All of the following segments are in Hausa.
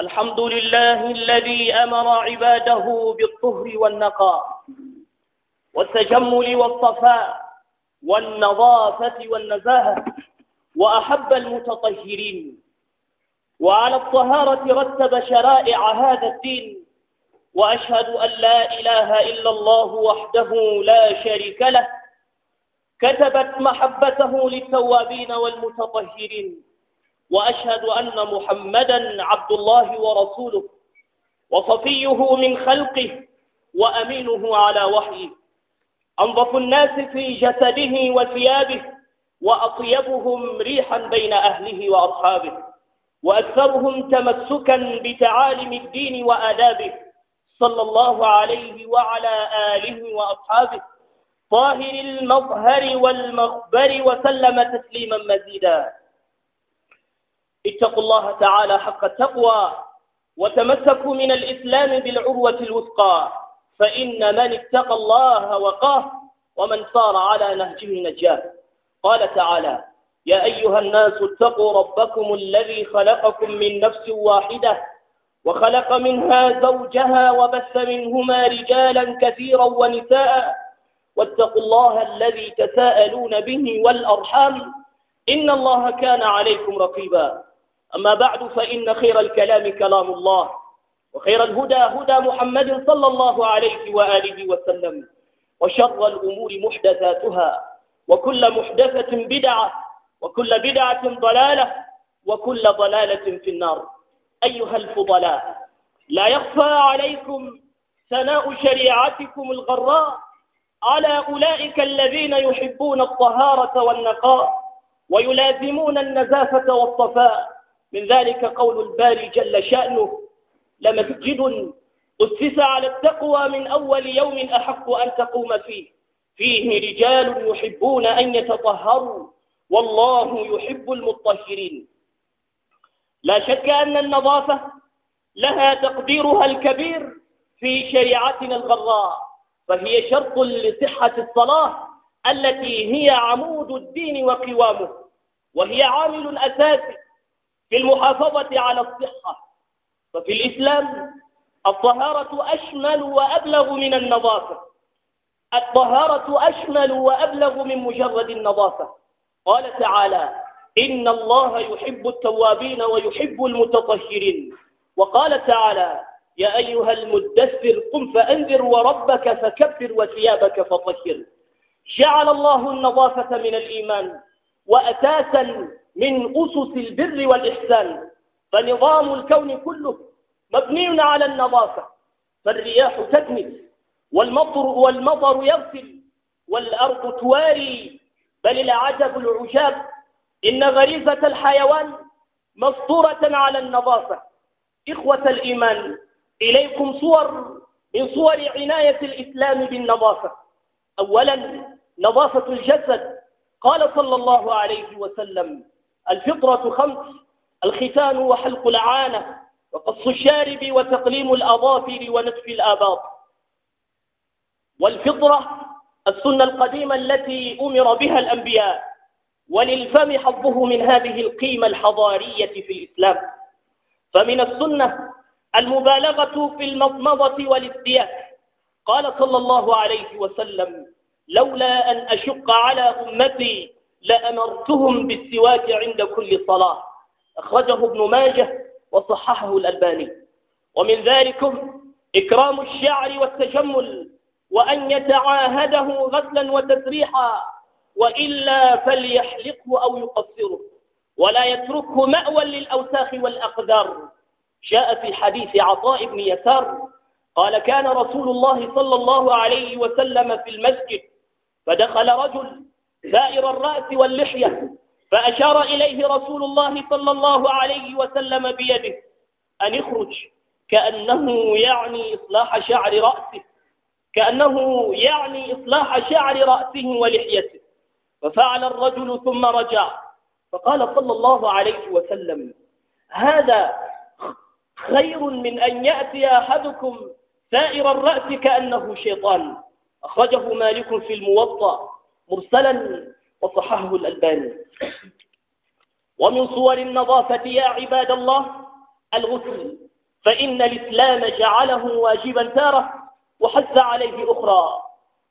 الحمد لله الذي أمر عباده بالطهر والنقاء والتجمل والصفاء والنظافة والنزاهة وأحب المتطهرين وعلى الطهارة رتب شرائع هذا الدين وأشهد أن لا إله إلا الله وحده لا شريك له كتبت محبته للتوابين والمتطهرين وأشهد أن محمدا عبد الله ورسوله وصفيه من خلقه وأمينه على وحيه أنظف الناس في جسده وثيابه وأطيبهم ريحا بين أهله وأصحابه وأكثرهم تمسكا بتعالم الدين وآدابه صلى الله عليه وعلى آله وأصحابه طاهر المظهر والمخبر وسلم تسليما مزيدا اتقوا الله تعالى حق التقوى وتمسكوا من الإسلام بالعروة الوثقى فإن من اتقى الله وقاه ومن صار على نهجه نجاه قال تعالى يا أيها الناس اتقوا ربكم الذي خلقكم من نفس واحدة وخلق منها زوجها وبث منهما رجالا كثيرا ونساء واتقوا الله الذي تساءلون به والأرحام إن الله كان عليكم رقيبا أما بعد فإن خير الكلام كلام الله وخير الهدى هدى محمد صلى الله عليه وآله وسلم وشر الأمور محدثاتها وكل محدثة بدعة وكل بدعة ضلالة وكل ضلالة في النار أيها الفضلاء لا يخفى عليكم ثناء شريعتكم الغراء على أولئك الذين يحبون الطهارة والنقاء ويلازمون النزافة والصفاء من ذلك قول الباري جل شأنه لمسجد أسس على التقوى من أول يوم أحق أن تقوم فيه فيه رجال يحبون أن يتطهروا والله يحب المطهرين لا شك أن النظافة لها تقديرها الكبير في شريعتنا الغراء فهي شرط لصحة الصلاة التي هي عمود الدين وقوامه وهي عامل أساسي في المحافظة على الصحة ففي الإسلام الطهارة أشمل وأبلغ من النظافة الطهارة أشمل وأبلغ من مجرد النظافة قال تعالى إن الله يحب التوابين ويحب المتطهرين وقال تعالى يا أيها المدثر قم فأنذر وربك فكبر وثيابك فطهر جعل الله النظافة من الإيمان وأساسا من أسس البر والإحسان فنظام الكون كله مبني على النظافة فالرياح تكنف والمطر, والمطر يغسل والأرض تواري بل العجب العجاب إن غريزة الحيوان مسطورة على النظافة إخوة الإيمان إليكم صور من صور عناية الإسلام بالنظافة أولا نظافة الجسد قال صلى الله عليه وسلم الفطرة خمس الختان وحلق العانة وقص الشارب وتقليم الأظافر ونتف الآباط والفطرة السنة القديمة التي أمر بها الأنبياء وللفم حظه من هذه القيمة الحضارية في الإسلام فمن السنة المبالغة في المضمضة والازدياك قال صلى الله عليه وسلم لولا أن أشق على أمتي لأمرتهم بالسواك عند كل صلاة أخرجه ابن ماجه وصححه الألباني ومن ذلك إكرام الشعر والتجمل وأن يتعاهده غسلا وتسريحا وإلا فليحلقه أو يقصره ولا يتركه مأوى للأوساخ والأقدار جاء في حديث عطاء بن يسار قال كان رسول الله صلى الله عليه وسلم في المسجد فدخل رجل سائر الرأس واللحية فأشار إليه رسول الله صلى الله عليه وسلم بيده أن اخرج كأنه يعني إصلاح شعر رأسه كأنه يعني إصلاح شعر رأسه ولحيته ففعل الرجل ثم رجع فقال صلى الله عليه وسلم هذا خير من أن يأتي أحدكم سائر الرأس كأنه شيطان أخرجه مالك في الموطأ مرسلا وصححه الألباني ومن صور النظافة يا عباد الله الغسل فإن الإسلام جعله واجبا تارة وحث عليه أخرى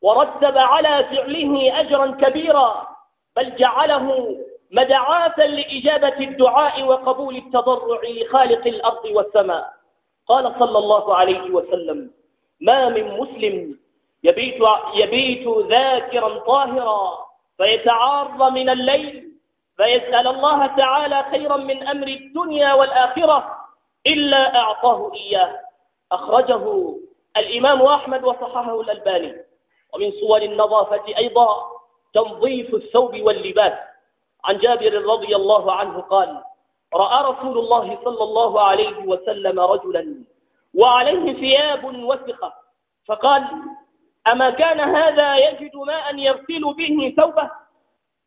ورتب على فعله أجرا كبيرا بل جعله مدعاة لإجابة الدعاء وقبول التضرع لخالق الأرض والسماء قال صلى الله عليه وسلم ما من مسلم يبيت, يبيت ذاكرا طاهرا فيتعار من الليل فيسأل الله تعالى خيرا من أمر الدنيا والآخرة إلا أعطاه إياه أخرجه الإمام أحمد وصححه الألباني ومن صور النظافة أيضا تنظيف الثوب واللباس عن جابر رضي الله عنه قال رأى رسول الله صلى الله عليه وسلم رجلا وعليه ثياب وثقة فقال أما كان هذا يجد ماء يغسل به ثوبه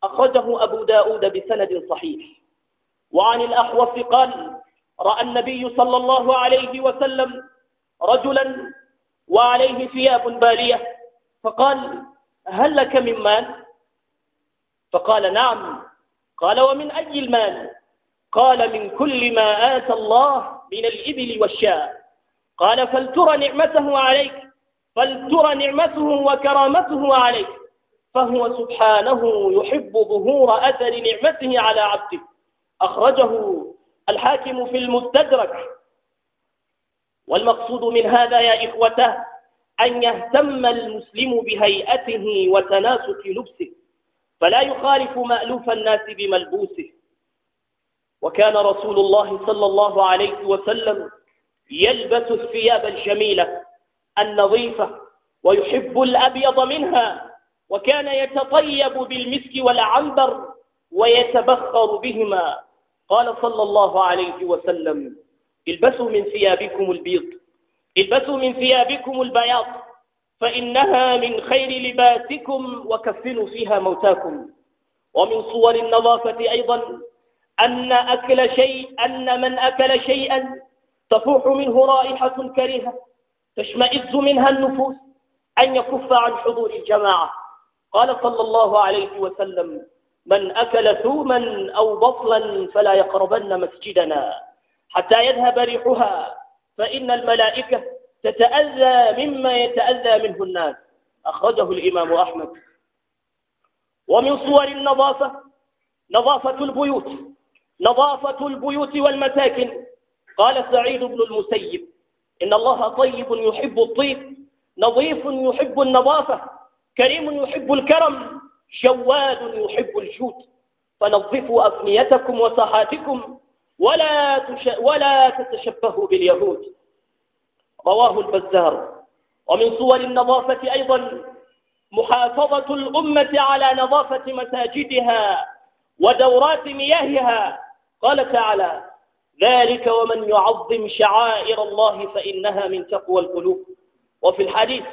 أخرجه أبو داود بسند صحيح وعن الأحوص قال رأى النبي صلى الله عليه وسلم رجلا وعليه ثياب بالية فقال هل لك من مال فقال نعم قال ومن أي المال قال من كل ما آتى الله من الإبل والشاء قال فلتر نعمته عليك فلترى نعمته وكرامته عليك فهو سبحانه يحب ظهور أثر نعمته على عبده أخرجه الحاكم في المستدرك والمقصود من هذا يا إخوته أن يهتم المسلم بهيئته وتناسك لبسه فلا يخالف مألوف الناس بملبوسه وكان رسول الله صلى الله عليه وسلم يلبس الثياب الجميلة النظيفة ويحب الأبيض منها وكان يتطيب بالمسك والعنبر ويتبخر بهما قال صلى الله عليه وسلم البسوا من ثيابكم البيض البسوا من ثيابكم البياض فإنها من خير لباسكم وكفنوا فيها موتاكم ومن صور النظافة أيضا أن أكل شيء أن من أكل شيئا تفوح منه رائحة كريهة تشمئز منها النفوس أن يكف عن حضور الجماعة قال صلى الله عليه وسلم من أكل ثوما أو بطلا فلا يقربن مسجدنا حتى يذهب ريحها فإن الملائكة تتأذى مما يتأذى منه الناس أخرجه الإمام أحمد ومن صور النظافة نظافة البيوت نظافة البيوت والمساكن قال سعيد بن المسيب إن الله طيب يحب الطيب نظيف يحب النظافة كريم يحب الكرم شواد يحب الجود فنظفوا أفنيتكم وساحاتكم ولا, تش... ولا تتشبهوا باليهود رواه البزار ومن صور النظافة أيضا محافظة الأمة على نظافة مساجدها ودورات مياهها قال تعالى ذلك ومن يعظم شعائر الله فإنها من تقوى القلوب وفي الحديث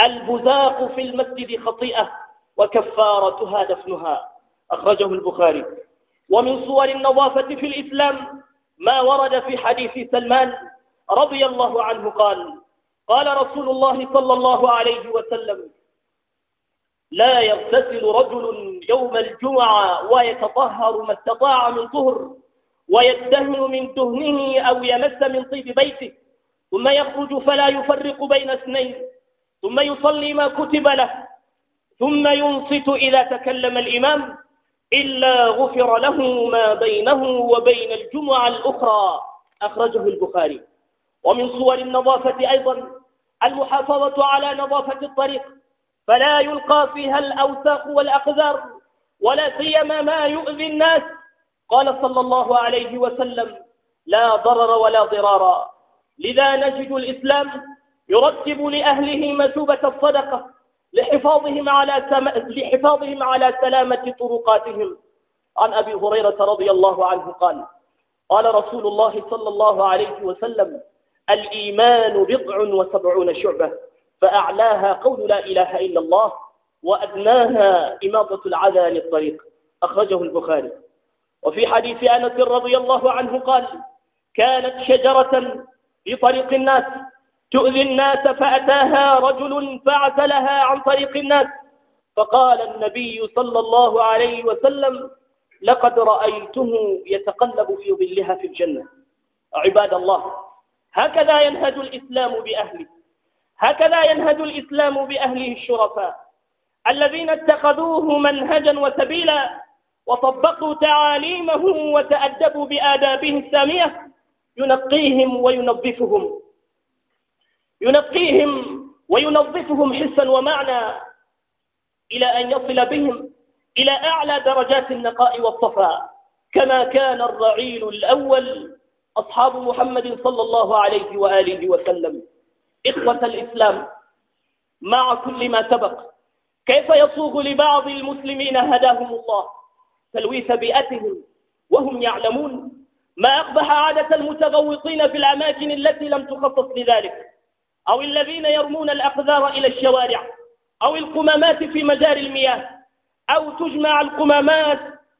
البذاق في المسجد خطيئة وكفارتها دفنها أخرجه البخاري ومن صور النظافة في الإسلام ما ورد في حديث سلمان رضي الله عنه قال قال رسول الله صلى الله عليه وسلم لا يغتسل رجل يوم الجمعة ويتطهر ما استطاع من طهر ويدهن من دهنه أو يمس من طيب بيته ثم يخرج فلا يفرق بين اثنين ثم يصلي ما كتب له ثم ينصت إذا تكلم الإمام إلا غفر له ما بينه وبين الجمعة الأخرى أخرجه البخاري ومن صور النظافة أيضا المحافظة على نظافة الطريق فلا يلقى فيها الأوساخ والأقذار ولا سيما ما يؤذي الناس قال صلى الله عليه وسلم لا ضرر ولا ضرارا لذا نجد الإسلام يرتب لأهله مثوبة الصدقة لحفاظهم على لحفاظهم على سلامة طرقاتهم عن أبي هريرة رضي الله عنه قال قال رسول الله صلى الله عليه وسلم الإيمان بضع وسبعون شعبة فأعلاها قول لا إله إلا الله وأدناها إماطة العذى للطريق أخرجه البخاري وفي حديث أنس رضي الله عنه قال كانت شجرة في طريق الناس تؤذي الناس فأتاها رجل فعزلها عن طريق الناس فقال النبي صلى الله عليه وسلم لقد رأيته يتقلب في ظلها في الجنة عباد الله هكذا ينهج الإسلام بأهله هكذا ينهج الإسلام بأهله الشرفاء الذين اتخذوه منهجا وسبيلا وطبقوا تعاليمهم وتأدبوا بآدابهم السامية ينقيهم وينظفهم ينقيهم وينظفهم حسا ومعنى إلى أن يصل بهم إلى أعلى درجات النقاء والصفاء كما كان الرعيل الأول أصحاب محمد صلى الله عليه وآله وسلم إخوة الإسلام مع كل ما سبق كيف يصوغ لبعض المسلمين هداهم الله تلويث بيئتهم وهم يعلمون ما أقبح عادة المتغوطين في الأماكن التي لم تخصص لذلك أو الذين يرمون الأقذار إلى الشوارع أو القمامات في مجاري المياه أو تجمع القمامات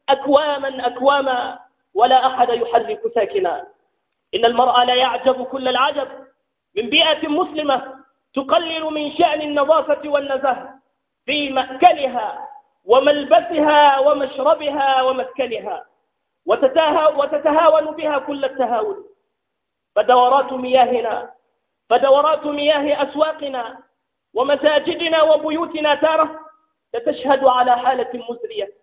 أكواما أكواما ولا أحد يحرك ساكنا إن المرأة لا يعجب كل العجب من بيئة مسلمة تقلل من شأن النظافة والنزاهة في مأكلها وملبسها ومشربها ومسكنها وتتهاون بها كل التهاون فدورات مياهنا فدورات مياه أسواقنا ومساجدنا وبيوتنا تارة تتشهد على حالة مزرية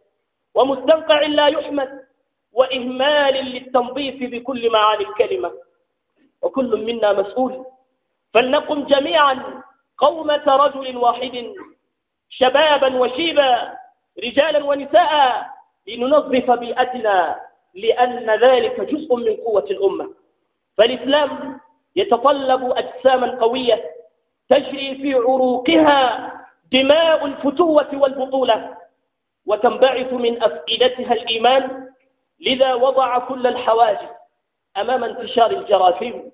ومستنقع لا يحمد وإهمال للتنظيف بكل معاني الكلمة وكل منا مسؤول فلنقم جميعا قومة رجل واحد شبابا وشيبا رجالا ونساء لننظف بيئتنا لأن ذلك جزء من قوة الأمة فالإسلام يتطلب أجساما قوية تجري في عروقها دماء الفتوة والبطولة وتنبعث من أفئدتها الإيمان لذا وضع كل الحواجز أمام انتشار الجراثيم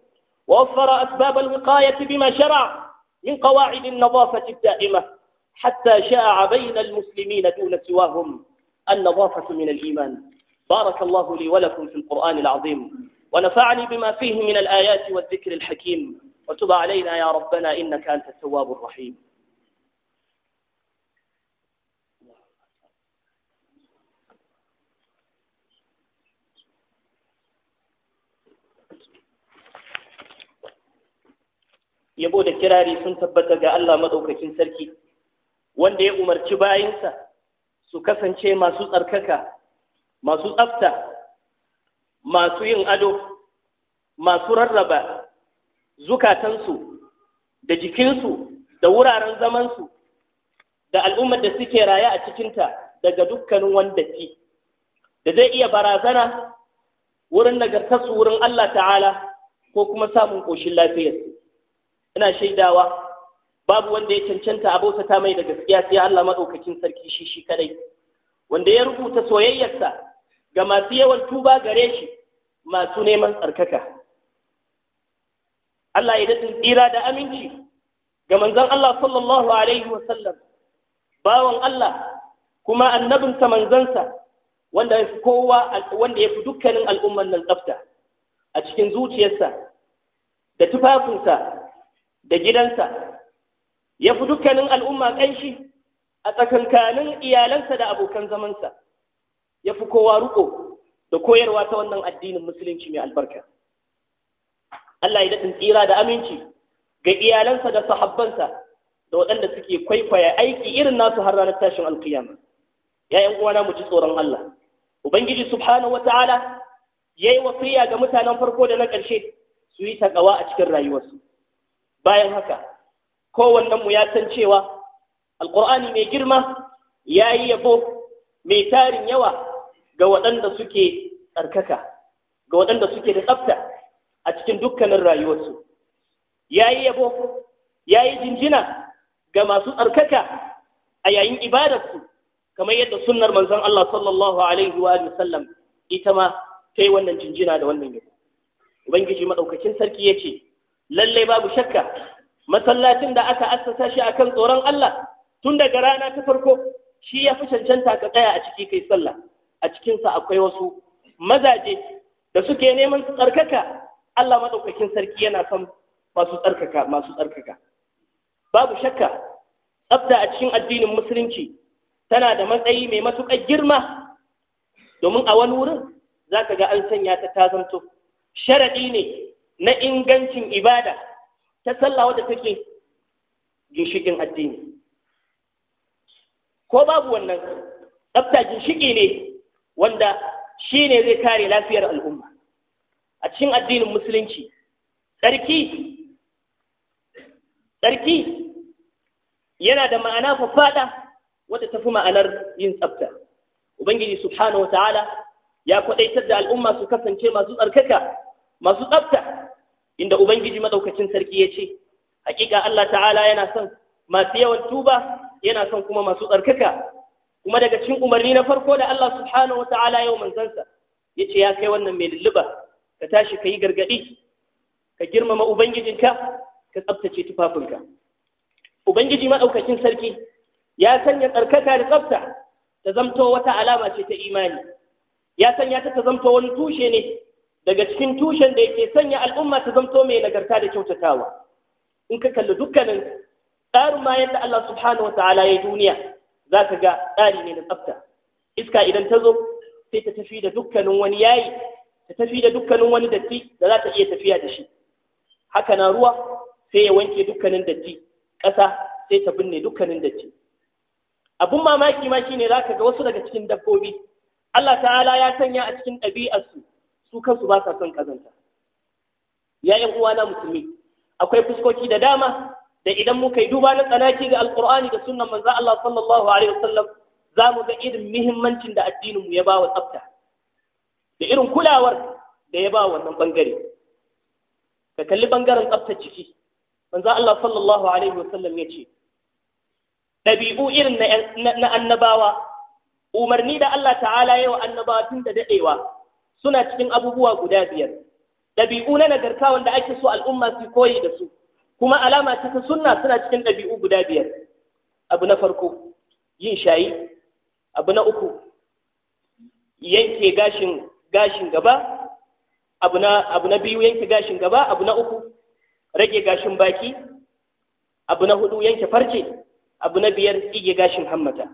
ووفر أسباب الوقاية بما شرع من قواعد النظافة الدائمة حتى شاع بين المسلمين دون سواهم النظافة من الإيمان بارك الله لي ولكم في القرآن العظيم ونفعني بما فيه من الآيات والذكر الحكيم وتب علينا يا ربنا إنك أنت التواب الرحيم يبود الكراري سنتبتك ألا مدوك ga wanda ya umarci bayinsa su kasance masu tsarkaka masu tsafta masu yin ado masu rarraba zukatansu da jikinsu da wuraren zamansu da al'ummar da suke raye a cikinta daga dukkanin wanda fi da zai iya barazana wurin nagartarsu wurin Allah ta'ala ko kuma samun ƙoshin lafiyarsu ina shaidawa babu wanda ya cancanta a bautata mai da gaskiya sai Allah madaukakin sarki shi shi kadai wanda ya rubuta soyayyarsa ga masu yawan tuba gare shi masu neman tsarkaka Allah ya daɗin tsira da aminci ga manzon Allah sallallahu alaihi wa sallam bawan Allah kuma annabin manzansa wanda ya fi kowa wanda ya fi dukkanin al'umman nan tsafta a cikin zuciyarsa da tufafinsa da gidansa ya fi dukkanin al'umma ƙanshi a tsakankanin iyalansa da abokan zamansa ya fi kowa riƙo da koyarwa ta wannan addinin musulunci mai albarka Allah ya daɗin tsira da aminci ga iyalansa da sahabbansa da waɗanda suke kwaikwaya aiki irin nasu har ranar tashin alkiyama Ya'yan uwana mu ji tsoron Allah ubangiji subhanahu ya yayi wasiya ga mutanen farko da na ƙarshe su yi takawa a cikin rayuwarsu bayan haka kowannen mu ya san cewa Alƙur'ani mai girma yayi yabo mai tarin yawa ga waɗanda suke tsarkaka ga waɗanda suke da tsafta a cikin dukkanin rayuwarsu yi yabo yayi jinjina ga masu tsarkaka a yayin ibadarsu kamar yadda sunnar manzon Allah sallallahu alaihi wa sallam ita ma ta yi wannan jinjina da wannan yabo ubangiji madaukakin sarki ya ce lallai babu shakka masallacin da aka assasa shi akan tsoron Allah tun daga rana ta farko shi ya fi cancanta ka tsaya a ciki kai sallah a cikinsa akwai wasu mazaje da suke neman su tsarkaka Allah maɗaukakin sarki yana son masu tsarkaka masu tsarkaka babu shakka tsafta a cikin addinin musulunci tana da matsayi mai matuƙar girma domin a wani wurin za ga an sanya ta ta zanto sharaɗi ne na ingancin ibada ta sallah wadda take ginshikin addini ko babu wannan tsafta ginshiki ne wanda shi ne zai kare lafiyar al'umma a cikin addinin musulunci tsarki tsarki yana da ma'ana faɗa wadda tafi ma'anar yin tsafta ubangiji subhanahu wa ta'ala ya kwadaitar da al'umma su kasance masu tsarkaka masu tsafta inda ubangiji madaukakin sarki ya ce hakika Allah ta'ala yana son masu yawan tuba yana son kuma masu tsarkaka kuma daga cikin umarni na farko da Allah subhanahu wa ta'ala yau manzansa ya ce ya kai wannan mai lulluba ka tashi ka yi gargaɗi ka girmama ubangijinka ka tsabtace tufafinka ubangiji maɗaukakin sarki ya sanya tsarkaka da tsabta ta zamto wata alama ce ta imani ya sanya ta ta zamto wani tushe ne daga cikin tushen da yake sanya al'umma ta zamto mai nagarta da kyautatawa in ka kalli dukkanin tsarin ma yadda Allah subhanahu wataala ya duniya za ka ga tsari ne na tsafta iska idan ta zo sai ta tafi da dukkanin wani yayi ta tafi da dukkanin wani datti da za ta iya tafiya da shi haka na ruwa sai ya wanke dukkanin datti ƙasa sai ta binne dukkanin datti abun mamaki ma shine za ka ga wasu daga cikin dabbobi Allah ta'ala ya sanya a cikin ɗabi'arsu su kansu ba sa son kazanta ya yan uwana musulmi akwai fuskoki da dama da idan muka yi duba na tsanaki ga alqur'ani da sunan manzo Allah sallallahu alaihi wasallam za mu ga irin muhimmancin da addininmu ya ba wa tsafta da irin kulawar da ya ba wa wannan bangare ka kalli bangaren tsaftar ciki manzo Allah sallallahu alaihi wasallam ya ce ɗabi'u irin na annabawa umarni da Allah ta'ala ya yi wa annabawa tun da daɗewa suna cikin abubuwa guda biyar ɗabi'u na nagarta wanda ake so al'umma su koyi da su kuma alama ta sunna suna cikin ɗabi'u guda biyar abu na farko yin shayi abu na uku yanke gashin gashin gaba abu na abu na biyu yanke gashin gaba abu na uku rage gashin baki abu na hudu yanke farce abu na biyar tsige gashin hammata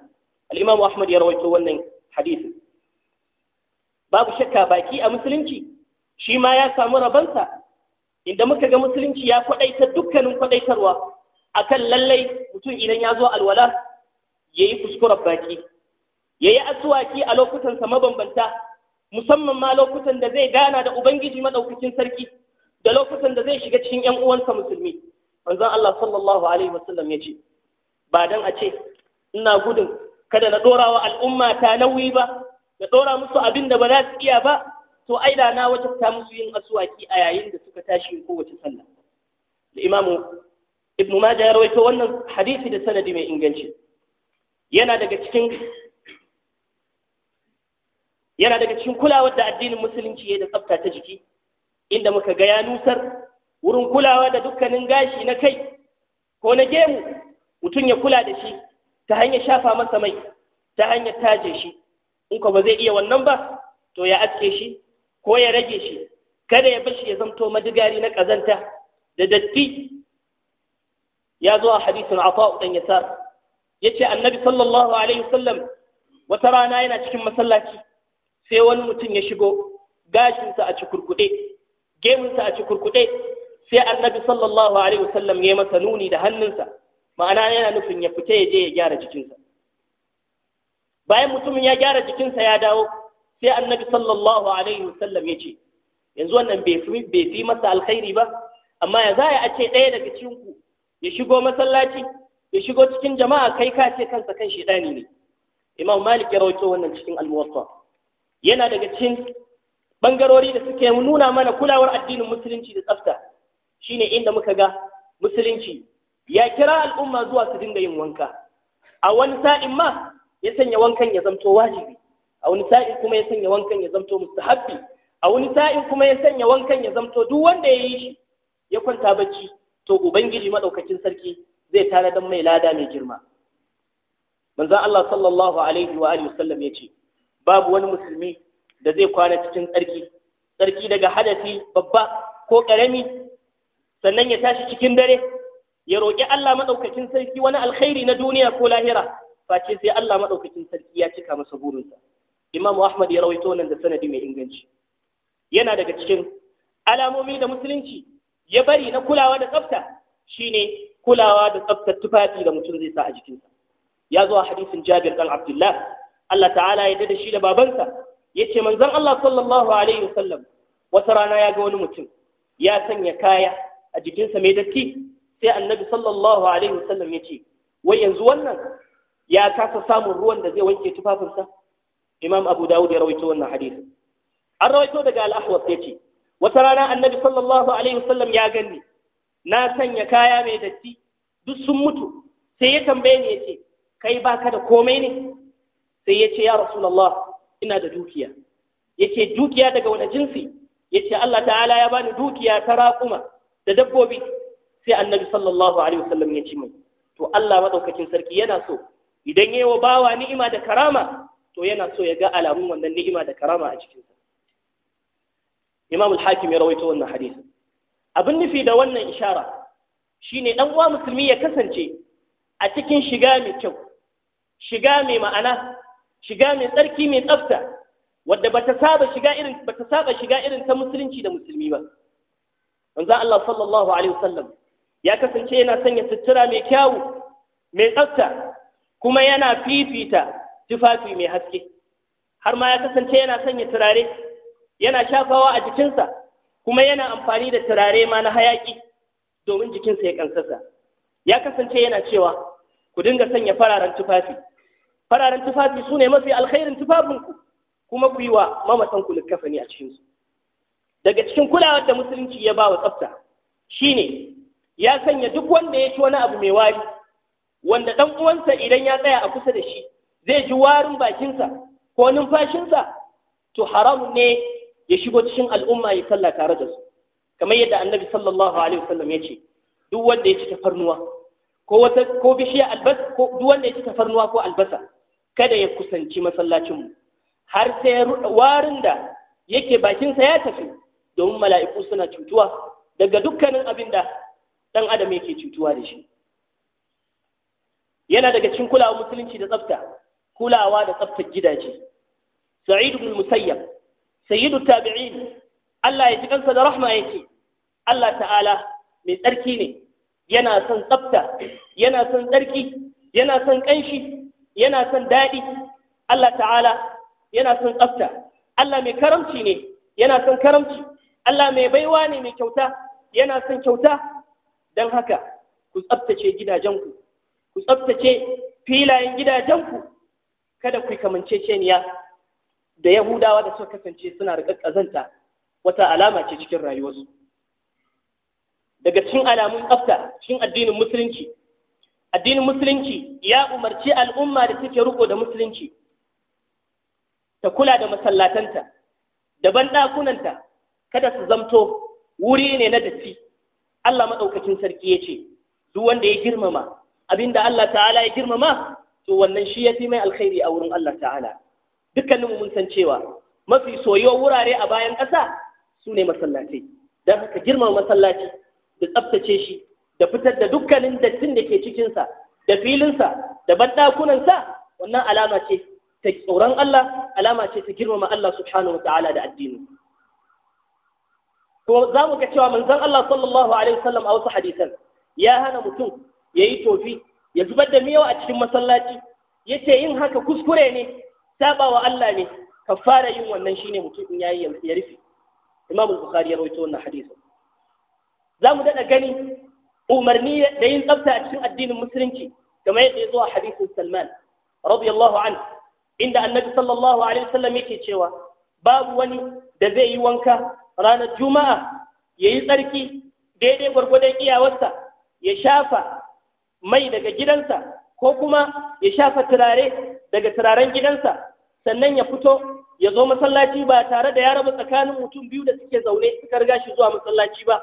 al-imamu ahmad ya rawaito wannan hadisin babu shakka baki a musulunci shi ma ya samu rabansa inda muka ga musulunci ya kwadaita dukkanin kwadaitarwa kan lallai mutum idan ya zo alwala ya yi kuskuren baki ya yi asuwaki a lokutansa mabambanta musamman ma lokutan da zai gana da ubangiji maɗaukakin sarki da lokutan da zai shiga cikin 'yan uwansa musulmi manzon Allah sallallahu alaihi wasallam ya ce ba dan a ce ina gudun kada na ɗora wa al'umma ta nauyi ba Ka ɗora musu abin da ba za su iya ba to ai da na ta musu yin asuwaki a yayin da suka tashi kowace sallah da imamu ibn majah ya rawaito wannan hadisi da sanadi mai inganci yana daga cikin yana daga cikin kulawar da addinin musulunci ya da tsafta ta jiki inda muka ga ya nusar wurin kulawa da dukkanin gashi na kai ko na gemu mutum ya kula da shi ta hanyar shafa masa mai ta hanyar taje shi in ba zai iya wannan ba to ya aske shi ko ya rage shi kada ya bashi ya zamto madigari na kazanta da datti ya zo a hadisin ata'u dan yasar yace annabi sallallahu alaihi wasallam wata rana yana cikin masallaci sai wani mutum ya shigo gashinsa a cikurkuɗe gemunsa a cikurkuɗe sai annabi sallallahu alaihi wasallam ya masa nuni da hannunsa ma'ana yana nufin ya fita ya je ya gyara jikinsa bayan mutumin ya gyara jikinsa ya dawo sai annabi sallallahu alaihi wasallam ya ce yanzu wannan bai fi masa alkhairi ba amma ya zaya a ce ɗaya daga cikin ya shigo masallaci ya shigo cikin jama'a kai ka ce kansa kan shedani ne imam malik ya rawaito wannan cikin almuwatta yana daga cikin bangarori da suke nuna mana kulawar addinin musulunci da tsafta shine inda muka ga musulunci ya kira al'umma zuwa su dinga yin wanka a wani sa'in ma ya sanya wankan ya zamto wajibi a wani sa'in kuma ya sanya wankan ya zamto mustahabbi a wani sa'in kuma ya sanya wankan ya zamto duk wanda ya yi shi ya kwanta bacci to ubangiji madaukakin sarki zai dan mai lada mai girma manzon Allah sallallahu alaihi wa alihi wasallam ya ce babu wani musulmi da zai kwana cikin tsarki tsarki daga hadasi babba ko karami sannan ya tashi cikin dare ya roƙi Allah madaukakin sarki wani alkhairi na duniya ko lahira face sai Allah madaukakin sarki ya cika masa burinsa Imam Ahmad ya rawaito nan da sanadi mai inganci yana daga cikin alamomi da musulunci ya bari na kulawa da tsafta shine kulawa da tsaftar tufafi da mutum zai sa a jikinsa ya zo a hadisin Jabir dan Abdullah Allah ta'ala ya da shi da babansa Ya ce manzan Allah sallallahu alaihi wasallam wata rana ya ga wani mutum ya sanya kaya a jikinsa mai datti sai annabi sallallahu alaihi wasallam ya ce wai yanzu wannan ya kasa samun ruwan da zai wanke tufafinsa imam abu dawud ya rawaito wannan hadisi an rawaito daga al-ahwas yace wata rana annabi sallallahu alaihi wasallam ya ganni na sanya kaya mai datti duk sun mutu sai ya tambaye ni yace kai baka da komai ne sai yace ya rasulullah ina da dukiya ce dukiya daga wani jinsi yace Allah ta'ala ya bani dukiya ta raƙuma da dabbobi sai annabi sallallahu alaihi wasallam ya ce mai to Allah maɗaukakin sarki yana so idan yayi wa bawa ni'ima da karama to yana so ya ga alamun wannan ni'ima da karama a cikin sa Imam al-Hakim ya rawaito wannan hadisi abin nufi da wannan ishara shine dan uwa musulmi ya kasance a cikin shiga mai kyau shiga mai ma'ana shiga mai tsarki mai tsafta wadda bata saba shiga irin bata saba shiga irin ta musulunci da musulmi ba manzo Allah sallallahu alaihi wasallam ya kasance yana sanya sutura mai kyau, mai tsafta kuma yana fifita tufafi mai haske har ma ya kasance yana sanya turare yana shafawa a jikinsa kuma yana amfani da turare ma na hayaki domin jikinsa ya kansasa ya kasance yana cewa ku dinga sanya fararen tufafi fararen tufafi su ne mafi alkhairin tufafinku kuma ku yi wa mamatanku likkafani a cikinsu daga cikin kulawar da musulunci ya ba wa tsafta shine ya sanya duk wanda ya ci wani abu mai wari wanda ɗan uwansa idan ya tsaya a kusa da shi zai ji warin bakinsa ko numfashinsa to haram ne ya shigo cikin al'umma ya sallah tare da su kamar yadda annabi sallallahu alaihi wasallam ya ce duk wanda ya ci tafarnuwa ko wata ko bishiya albasa ko duk wanda ya ci tafarnuwa ko albasa kada ya kusanci masallacinmu har sai warin da yake bakinsa ya tafi domin mala'iku suna cutuwa daga dukkanin abin da ɗan adam yake cutuwa da shi yana daga cikin kulawa musulunci da tsafta kulawa da tsaftar gidaje sa'id ibn musayyab sayyidu tabi'in Allah ya ji kansa da rahma yake Allah ta'ala mai tsarki ne yana son tsafta yana son tsarki yana son kanshi yana son daɗi Allah ta'ala yana son tsafta Allah mai karamci ne yana son karamci Allah mai baiwa ne mai kyauta yana son kyauta don haka ku tsaftace gidajenku ku tsabtace filayen gidajenku kada ku yi kamanceceniya da yahudawa da suka kasance suna da ƙazanta wata alama ce cikin rayuwarsu daga cikin alamun tsafta cikin addinin musulunci addinin musulunci ya umarci al'umma da take riko da musulunci ta kula da masallatanta da banɗakunanta kada su zamto wuri ne na datti Allah maɗaukacin sarki ya ce duk wanda ya girmama abinda Allah ta'ala ya girmama to wannan shi ya fi mai alkhairi a wurin Allah ta'ala dukkaninmu mun san cewa mafi soyuwar wurare a bayan ƙasa su ne masallatai don haka girmama masallaci da tsaftace shi da fitar da dukkanin dattin da ke cikinsa da filinsa da banɗakunansa wannan alama ce ta tsoron Allah alama ce ta girmama Allah subhanahu wa ta'ala da addini to za mu ga cewa manzon Allah sallallahu alaihi wasallam a wasu hadisan ya hana mutum ya yi tofi ya zubar da miyau a cikin masallaci ya ce yin haka kuskure ne saba wa Allah ne ka fara yin wannan ne mutum in ya rufe Imam Bukhari ya rawaito wannan hadisi za mu daɗa gani umarni da yin tsafta a cikin addinin musulunci kamar yadda ya zo a hadisin Salman radiyallahu anhu inda annabi sallallahu alaihi wasallam yake cewa babu wani da zai yi wanka ranar juma'a ya yi tsarki daidai gwargwadon iyawarsa ya shafa mai daga gidansa ko kuma ya shafa turare daga turaren gidansa sannan ya fito ya zo masallaci ba tare da ya raba tsakanin mutum biyu da suke zaune suka riga shi zuwa masallaci ba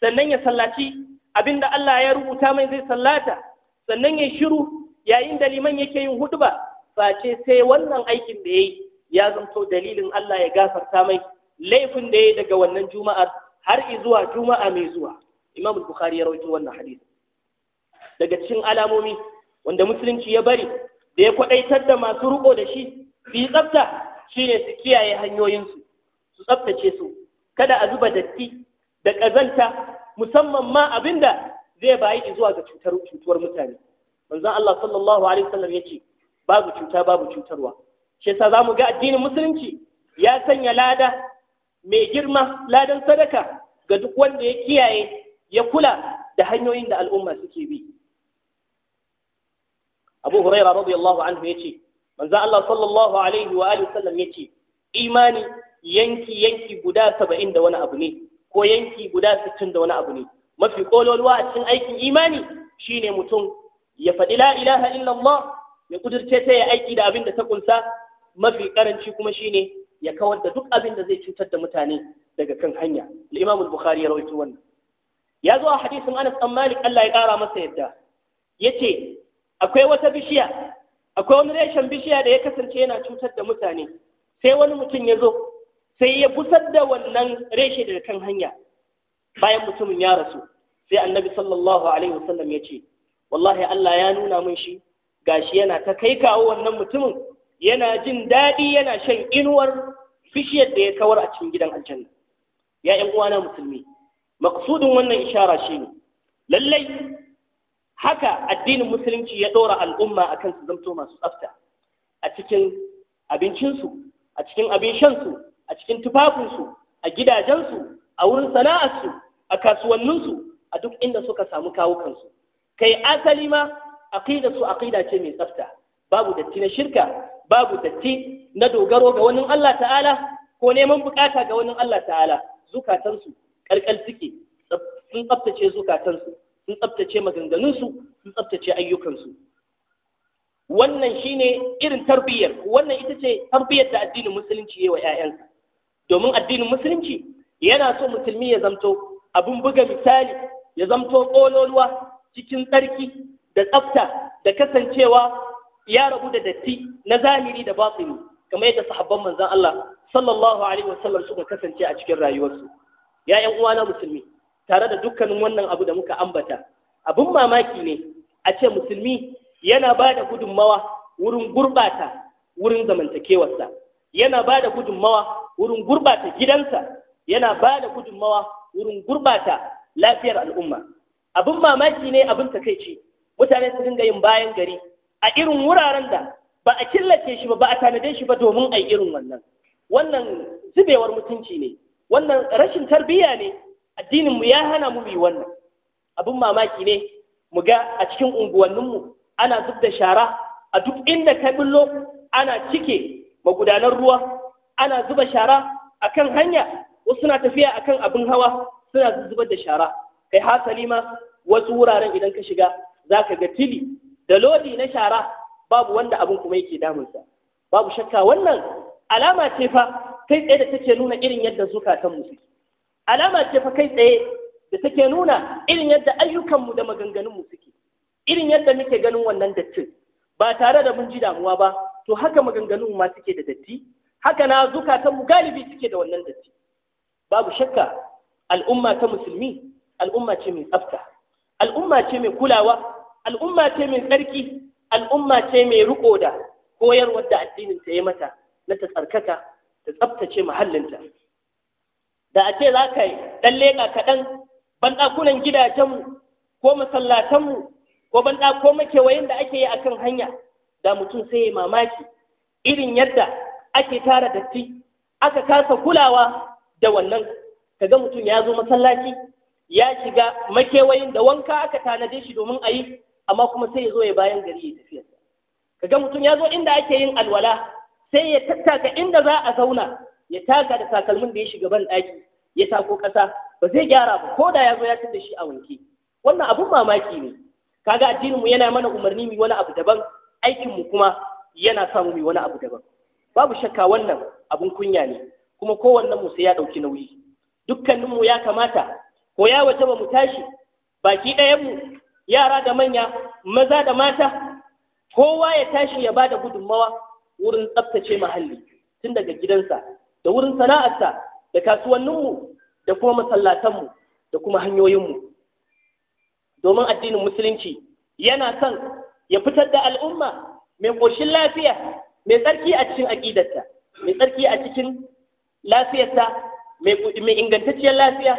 sannan ya sallaci abinda Allah ya rubuta mai zai sallata sannan ya shiru yayin da liman yake yin hudba face sai wannan aikin da yayi ya zanto dalilin Allah ya gafarta mai laifin da yayi daga wannan juma'ar har zuwa juma'a mai zuwa Imam Bukhari ya rawaito wannan hadisi daga cikin alamomi wanda musulunci ya bari da ya kwaɗaitar da masu riko da shi su yi tsafta shine su kiyaye hanyoyinsu su tsaftace su kada a zuba datti da ƙazanta musamman ma abinda zai bayi zuwa ga cutar cutuwar mutane manzon Allah sallallahu alaihi wasallam yace babu cuta babu cutarwa shi yasa zamu ga addinin musulunci ya sanya lada mai girma ladan sadaka ga duk wanda ya kiyaye ya kula da hanyoyin da al'umma suke bi abu huraira radiyallahu anhu yace manzo Allah sallallahu alaihi wa alihi sallam yace imani yanki yanki guda saba'in da wani abu ne ko yanki guda sittin da wani abu ne mafi kololuwa a cikin aikin imani shine mutum ya faɗi la ilaha illallah ya kudirce ta ya aiki da abin da ta kunsa mafi karanci kuma shine ya kawar da duk abin da zai cutar da mutane daga kan hanya al-imam al-bukhari ya rawaito wannan ya zo a hadisin Anas dan Malik Allah ya kara masa yadda yace akwai wata bishiya akwai wani reshen bishiya da ya kasance yana cutar da mutane sai wani mutum ya zo sai ya busar da wannan reshe daga kan hanya bayan mutumin ya rasu sai annabi sallallahu alaihi wasallam ya ce wallahi Allah ya nuna min shi gashi yana ta kai kawo wannan mutumin yana jin daɗi yana shan inuwar bishiyar da ya kawar a cikin gidan aljanna ya ƴan uwana musulmi maqsudin wannan ishara shine lallai haka addinin musulunci ya ɗora al'umma a kan su zamto masu tsafta a cikin abincinsu a cikin abin shansu a cikin tufafinsu a gidajensu a wurin sana'arsu a kasuwanninsu a duk inda suka samu kansu kai asali ma aqida su aqida ce mai tsafta babu datti na shirka babu datti na dogaro ga wani Allah ta'ala ko neman bukata ga wani Allah ta'ala zukatansu kalkal suke sun tsaftace zukatansu sun tsabtace maganganunsu sun tsabtace ayyukansu wannan shine irin tarbiyyar wannan ita ce tarbiyyar da addinin musulunci yayi wa ƴaƴansa domin addinin musulunci yana so musulmi ya zamto abin buga misali ya zamto ƙololuwa cikin tsarki da tsafta da kasancewa ya rabu da datti na zahiri da batini kamar yadda sahabban manzon Allah sallallahu alaihi wasallam suka kasance a cikin rayuwarsu ya ƴan uwana musulmi tare da dukkanin wannan abu da muka ambata abin mamaki ne a ce musulmi yana ba da gudunmawa wurin gurbata wurin zamantakewarsa yana ba da gudunmawa wurin gurbata gidansa yana ba da gudunmawa wurin gurbata lafiyar al'umma abin mamaki ne abin takaici mutane su dinga yin bayan gari a irin wuraren da ba a killace shi ba ba a tanade shi ba domin a irin wannan wannan zubewar mutunci ne wannan rashin tarbiyya ne addinin mu ya hana mu yi wannan abin mamaki ne mu ga a cikin unguwanninmu ana zub da shara a duk inda ka billo ana cike magudanar ruwa ana zuba shara akan hanya wasu suna tafiya akan abin hawa suna zubar da shara kai hasali ma wasu wuraren idan ka shiga za ka ga tili da lodi na shara babu wanda abin kuma yake damunsa babu shakka wannan alama ce fa kai tsaye da take nuna irin yadda zukatan mu suke alama ce fa kai tsaye da take nuna irin yadda ayyukanmu da maganganunmu suke irin yadda muke ganin wannan dattin ba tare da mun ji damuwa ba to haka maganganunmu ma suke da datti haka na zukatanmu galibi suke da wannan datti babu shakka al'umma ta musulmi al'umma ce mai tsafta al'umma ce mai kulawa al'umma ce mai tsarki al'umma ce mai riko da koyarwar da addinin ta yi mata na ta tsarkaka ta tsaftace ta da a ce za ka ɗan leƙa kaɗan banɗakunan gidajenmu ko masallatanmu ko banɗa ko makewayin da ake yi a kan hanya da mutum sai ya mamaki irin yadda ake tara datti aka kasa kulawa da wannan kaga mutum ya zo masallaci ya shiga makewayin da wanka aka tanade shi domin a yi amma kuma sai ya zo ya bayan gari ya tafiya kaga mutum ya zo inda ake yin alwala sai ya tattaka inda za a zauna ya taka da takalmin da ya shiga ban ɗaki ya tako ƙasa ba zai gyara ba ko da ya zo ya da shi a wanke wannan abun mamaki ne kaga addinin mu yana mana umarni mu wani abu daban aikin mu kuma yana sa mu wani abu daban babu shakka wannan abun kunya ne kuma kowannen mu sai ya ɗauki nauyi dukkanin mu ya kamata ko ya waje ba mu tashi baki ɗayan mu yara da manya maza da mata kowa ya tashi ya bada gudunmawa wurin tsaftace muhalli tun daga gidansa da wurin sana'arsa da kasuwanninmu da kuma masallatanmu da kuma hanyoyinmu domin addinin musulunci yana son ya fitar da al'umma mai ƙoshin lafiya mai tsarki a cikin aƙidarta mai tsarki a cikin lafiyarta mai ingantacciyar lafiya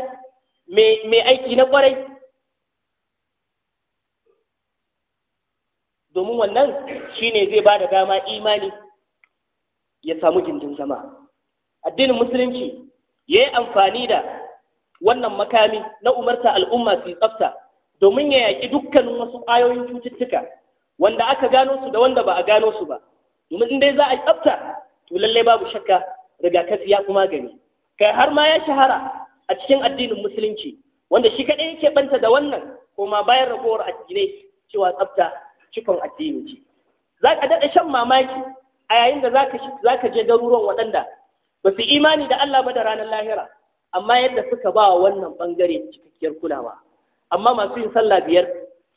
mai aiki na ƙwarai domin wannan shine zai ba da dama imani ya samu gindin zama addinin musulunci ya yi amfani da wannan makami na umarta al'umma su yi tsafta domin ya yaƙi dukkanin wasu ƙwayoyin cututtuka wanda aka gano su da wanda ba a gano su ba domin dai za a yi tsafta to lallai babu shakka rigakafi ya kuma gani kai har ma ya shahara a cikin addinin musulunci wanda shi kaɗai yake banta da wannan koma bayan ragowar addinai cewa tsafta cikon addini ce za ka daɗa shan mamaki a yayin da za ka je garuruwan waɗanda ba su imani da Allah ba da ranar lahira amma yadda suka ba wannan bangare cikakkiyar kulawa amma masu yin sallah biyar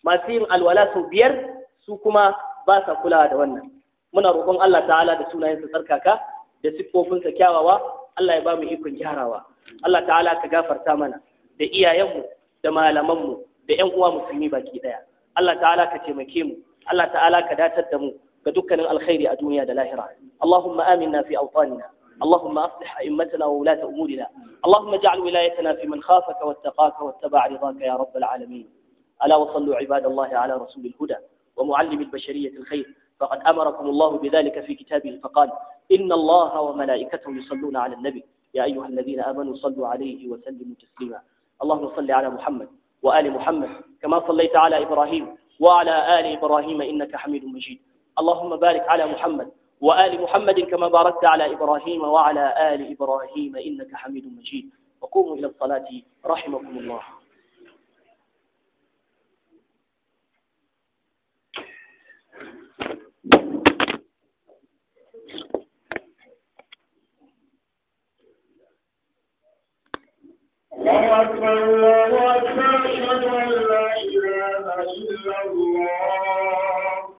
masu yin alwala sau biyar su kuma ba sa kulawa da wannan muna roƙon Allah ta'ala da sunayensa tsarkaka da siffofinsa kyawawa Allah ya ba mu ikon gyarawa Allah ta'ala ka gafarta mana da iyayenmu da malamanmu da ƴan uwa musulmi baki ɗaya. Allah ta'ala ka taimake mu Allah ta'ala ka datar da mu ga dukkanin alkhairi a duniya da lahira Allahumma aminna fi awtanina اللهم أصلح أئمتنا وولاة أمورنا اللهم اجعل ولايتنا في من خافك واتقاك واتبع رضاك يا رب العالمين ألا وصلوا عباد الله على رسول الهدى ومعلم البشرية الخير فقد أمركم الله بذلك في كتابه فقال إن الله وملائكته يصلون على النبي يا أيها الذين آمنوا صلوا عليه وسلموا تسليما اللهم صل على محمد وآل محمد كما صليت على إبراهيم وعلى آل إبراهيم إنك حميد مجيد اللهم بارك على محمد وآل محمد كما باركت على إبراهيم وعلى آل إبراهيم إنك حميد مجيد وقوموا إلى الصلاة رحمكم الله الله أكبر الله أكبر أشهد أن لا إله إلا الله